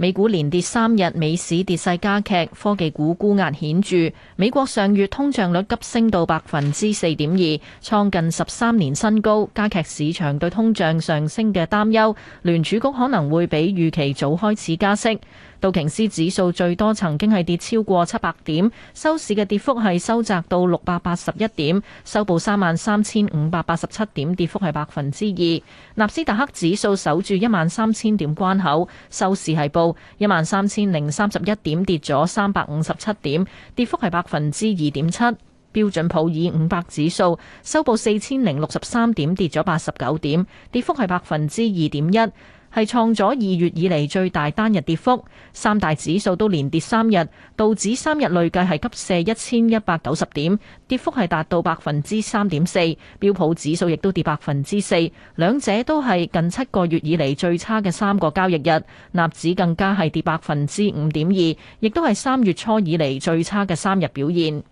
美股連跌三日，美市跌勢加劇，科技股沽壓顯著。美國上月通脹率急升到百分之四點二，創近十三年新高，加劇市場對通脹上升嘅擔憂。聯儲局可能會比預期早開始加息。道瓊斯指數最多曾經係跌超過七百點，收市嘅跌幅係收窄到六百八十一點，收報三萬三千五百八十七點，跌幅係百分之二。納斯達克指數守住一萬三千點關口，收市係報。一萬三千零三十一點跌咗三百五十七點，跌幅係百分之二點七。標準普爾五百指數收報四千零六十三點，跌咗八十九點，跌幅係百分之二點一。係創咗二月以嚟最大單日跌幅，三大指數都連跌三日，道指三日累計係急瀉一千一百九十點，跌幅係達到百分之三點四，標普指數亦都跌百分之四，兩者都係近七個月以嚟最差嘅三個交易日，納指更加係跌百分之五點二，亦都係三月初以嚟最差嘅三日表現。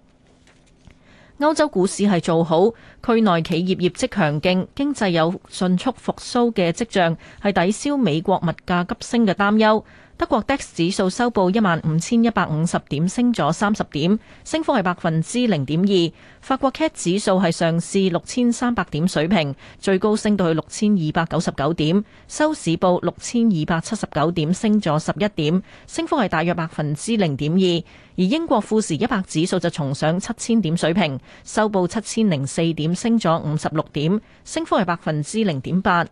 歐洲股市係做好，區內企業業績強勁，經濟有迅速復甦嘅跡象，係抵消美國物價急升嘅擔憂。德國 DAX 指數收報一萬五千一百五十點，升咗三十點，升幅係百分之零點二。法國 CAC 指數係上市六千三百點水平，最高升到去六千二百九十九點，收市報六千二百七十九點，升咗十一點，升幅係大約百分之零點二。而英國富時一百指數就重上七千點水平，收報七千零四點，升咗五十六點，升幅係百分之零點八。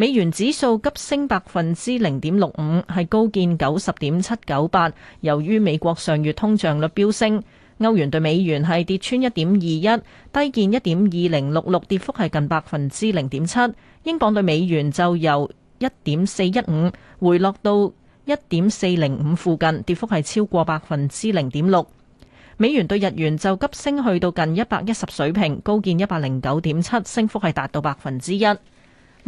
美元指數急升百分之零點六五，係高見九十點七九八。由於美國上月通脹率飆升，歐元對美元係跌穿一點二一，低見一點二零六六，跌幅係近百分之零點七。英鎊對美元就由一點四一五回落到一點四零五附近，跌幅係超過百分之零點六。美元對日元就急升去到近一百一十水平，高見一百零九點七，升幅係達到百分之一。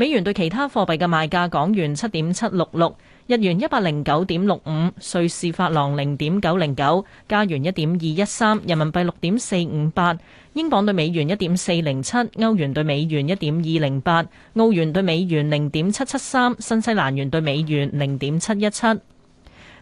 美元對其他貨幣嘅賣價：港元七點七六六，日元一百零九點六五，瑞士法郎零點九零九，加元一點二一三，人民幣六點四五八，英鎊對美元一點四零七，歐元對美元一點二零八，澳元對美元零點七七三，新西蘭元對美元零點七一七。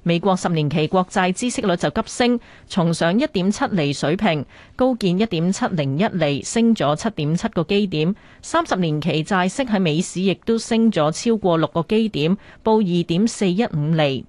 美國十年期國債孳息率就急升，重上一點七厘水平，高見一點七零一厘，升咗七點七個基點。三十年期債息喺美市亦都升咗超過六個基點，報二點四一五厘。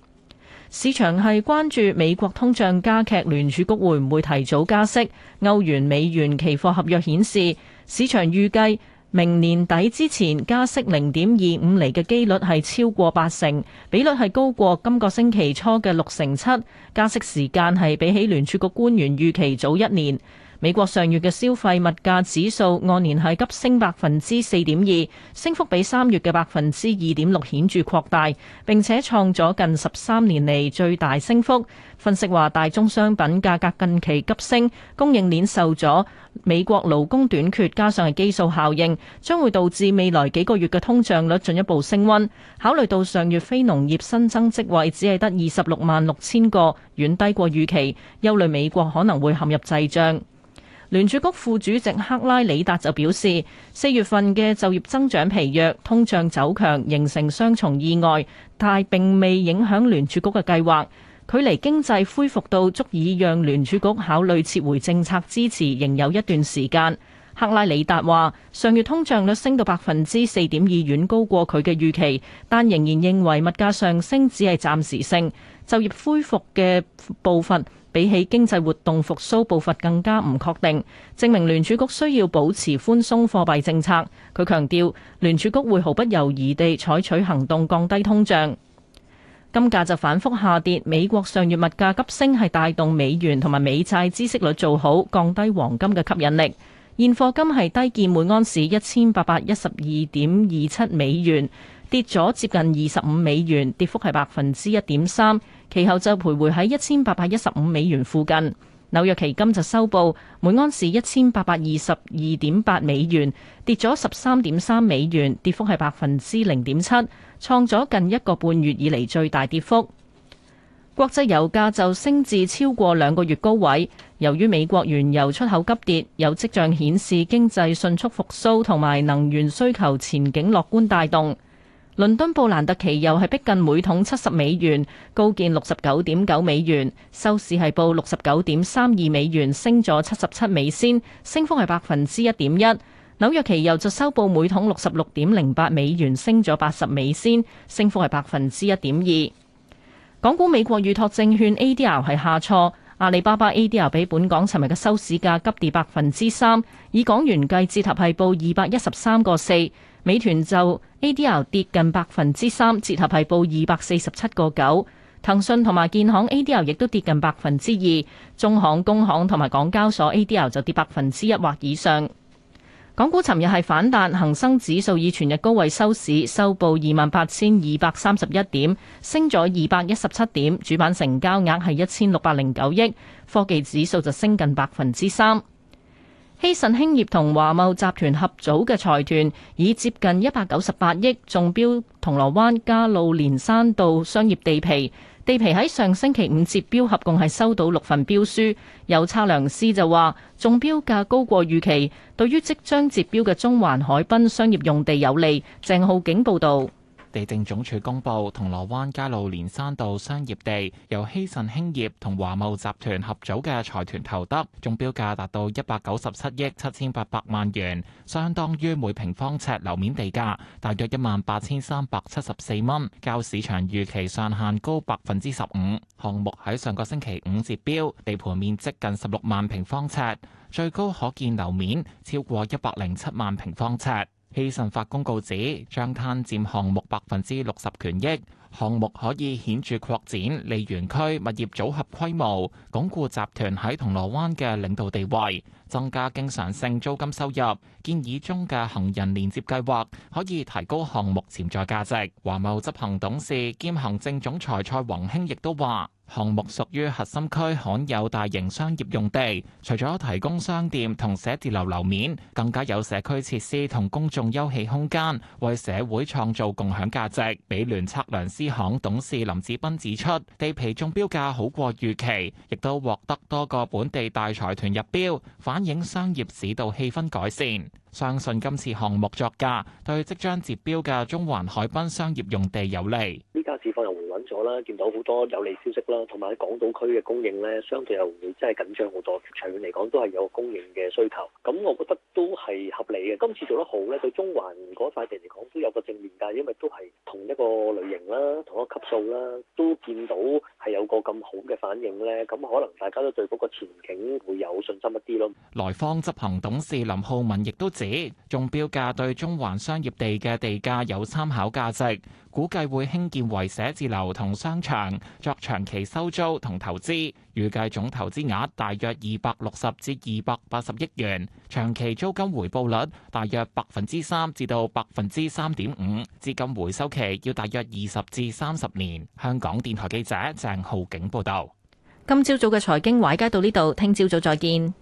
市場係關注美國通脹加劇，聯儲局會唔會提早加息？歐元美元期貨合約顯示，市場預計，明年底之前加息零點二五厘嘅機率係超過八成，比率係高過今個星期初嘅六成七，加息時間係比起聯儲局官員預期早一年。美國上月嘅消費物價指數按年係急升百分之四點二，升幅比三月嘅百分之二點六顯著擴大，並且創咗近十三年嚟最大升幅。分析話，大宗商品價格近期急升，供應鏈受阻，美國勞工短缺加上係基數效應，將會導致未來幾個月嘅通脹率進一步升溫。考慮到上月非農業新增職位只係得二十六萬六千個，遠低過預期，憂慮美國可能會陷入滯脹。聯儲局副主席克拉里達就表示，四月份嘅就業增長疲弱、通脹走強，形成雙重意外，但並未影響聯儲局嘅計劃。距離經濟恢復到足以讓聯儲局考慮撤回政策支持，仍有一段時間。克拉里達話：上月通脹率升到百分之四點二，遠高過佢嘅預期，但仍然認為物價上升只係暫時性。就業恢復嘅步伐比起經濟活動復蘇步伐更加唔確定，證明聯儲局需要保持寬鬆貨幣政策。佢強調，聯儲局會毫不猶豫地採取行動降低通脹。金價就反覆下跌，美國上月物價急升係帶動美元同埋美債孳息率做好，降低黃金嘅吸引力。現貨金係低見每安士一千八百一十二點二七美元，跌咗接近二十五美元，跌幅係百分之一點三。其後就徘徊喺一千八百一十五美元附近。紐約期金就收報每安士一千八百二十二點八美元，跌咗十三點三美元，跌幅係百分之零點七，創咗近一個半月以嚟最大跌幅。國際油價就升至超過兩個月高位，由於美國原油出口急跌，有跡象顯示經濟迅速復甦同埋能源需求前景樂觀帶動。倫敦布蘭特期油係逼近每桶七十美元，高見六十九點九美元，收市係報六十九點三二美元，升咗七十七美仙，升幅係百分之一點一。紐約期油就收報每桶六十六點零八美元，升咗八十美仙，升幅係百分之一點二。港股美國預託證券 ADR 係下挫，阿里巴巴 ADR 比本港尋日嘅收市價急跌百分之三，以港元計，折合係報二百一十三個四。美團就 ADR 跌近百分之三，折合係報二百四十七個九。騰訊同埋建行 ADR 亦都跌近百分之二，中行、工行同埋港交所 ADR 就跌百分之一或以上。港股尋日係反彈，恒生指數以全日高位收市，收報二萬八千二百三十一點，升咗二百一十七點，主板成交額係一千六百零九億，科技指數就升近百分之三。希慎興業同華懋集團合組嘅財團，以接近一百九十八億中標銅鑼灣加路連山道商業地皮。地皮喺上星期五接標，合共係收到六份標書，有測量師就話中標價高過預期，對於即將接標嘅中環海濱商業用地有利。鄭浩景報道。地政總署公布，銅鑼灣加路連山道商業地由希慎興業同華懋集團合組嘅財團投得，中標價達到一百九十七億七千八百萬元，相當於每平方尺樓面地價大約一萬八千三百七十四蚊，較市場預期上限高百分之十五。項目喺上個星期五截標，地盤面積近十六萬平方尺，最高可建樓面超過一百零七萬平方尺。希慎發公告指，將攤佔項目百分之六十權益，項目可以顯著擴展利園區物業組合規模，鞏固集團喺銅鑼灣嘅領導地位。增加經常性租金收入，建議中嘅行人連接計劃可以提高項目潛在價值。華茂執行董事兼行政總裁蔡宏興亦都話：項目屬於核心區，罕有大型商業用地，除咗提供商店同寫字樓樓面，更加有社區設施同公眾休憩空間，為社會創造共享價值。美聯測量師行董事林志斌指出，地皮中標價好過預期，亦都獲得多個本地大財團入標。反影商業市道氣氛改善。相信今次項目作價對即將截標嘅中環海濱商業用地有利。呢家市況又回穩咗啦，見到好多有利消息啦，同埋喺港島區嘅供應咧，相對又會真係緊張好多。長遠嚟講都係有供應嘅需求。咁我覺得都係合理嘅。今次做得好咧，對中環嗰塊地嚟講都有個正面㗎，因為都係同一個類型啦，同一級數啦，都見到係有個咁好嘅反應咧。咁可能大家都對嗰個前景會有信心一啲咯。萊坊執行董事林浩文亦都。指中標價對中環商業地嘅地價有參考價值，估計會興建為寫字樓同商場，作長期收租同投資，預計總投資額大約二百六十至二百八十億元，長期租金回報率大約百分之三至到百分之三點五，資金回收期要大約二十至三十年。香港電台記者鄭浩景報道。今朝早嘅財經華爾街到呢度，聽朝早再見。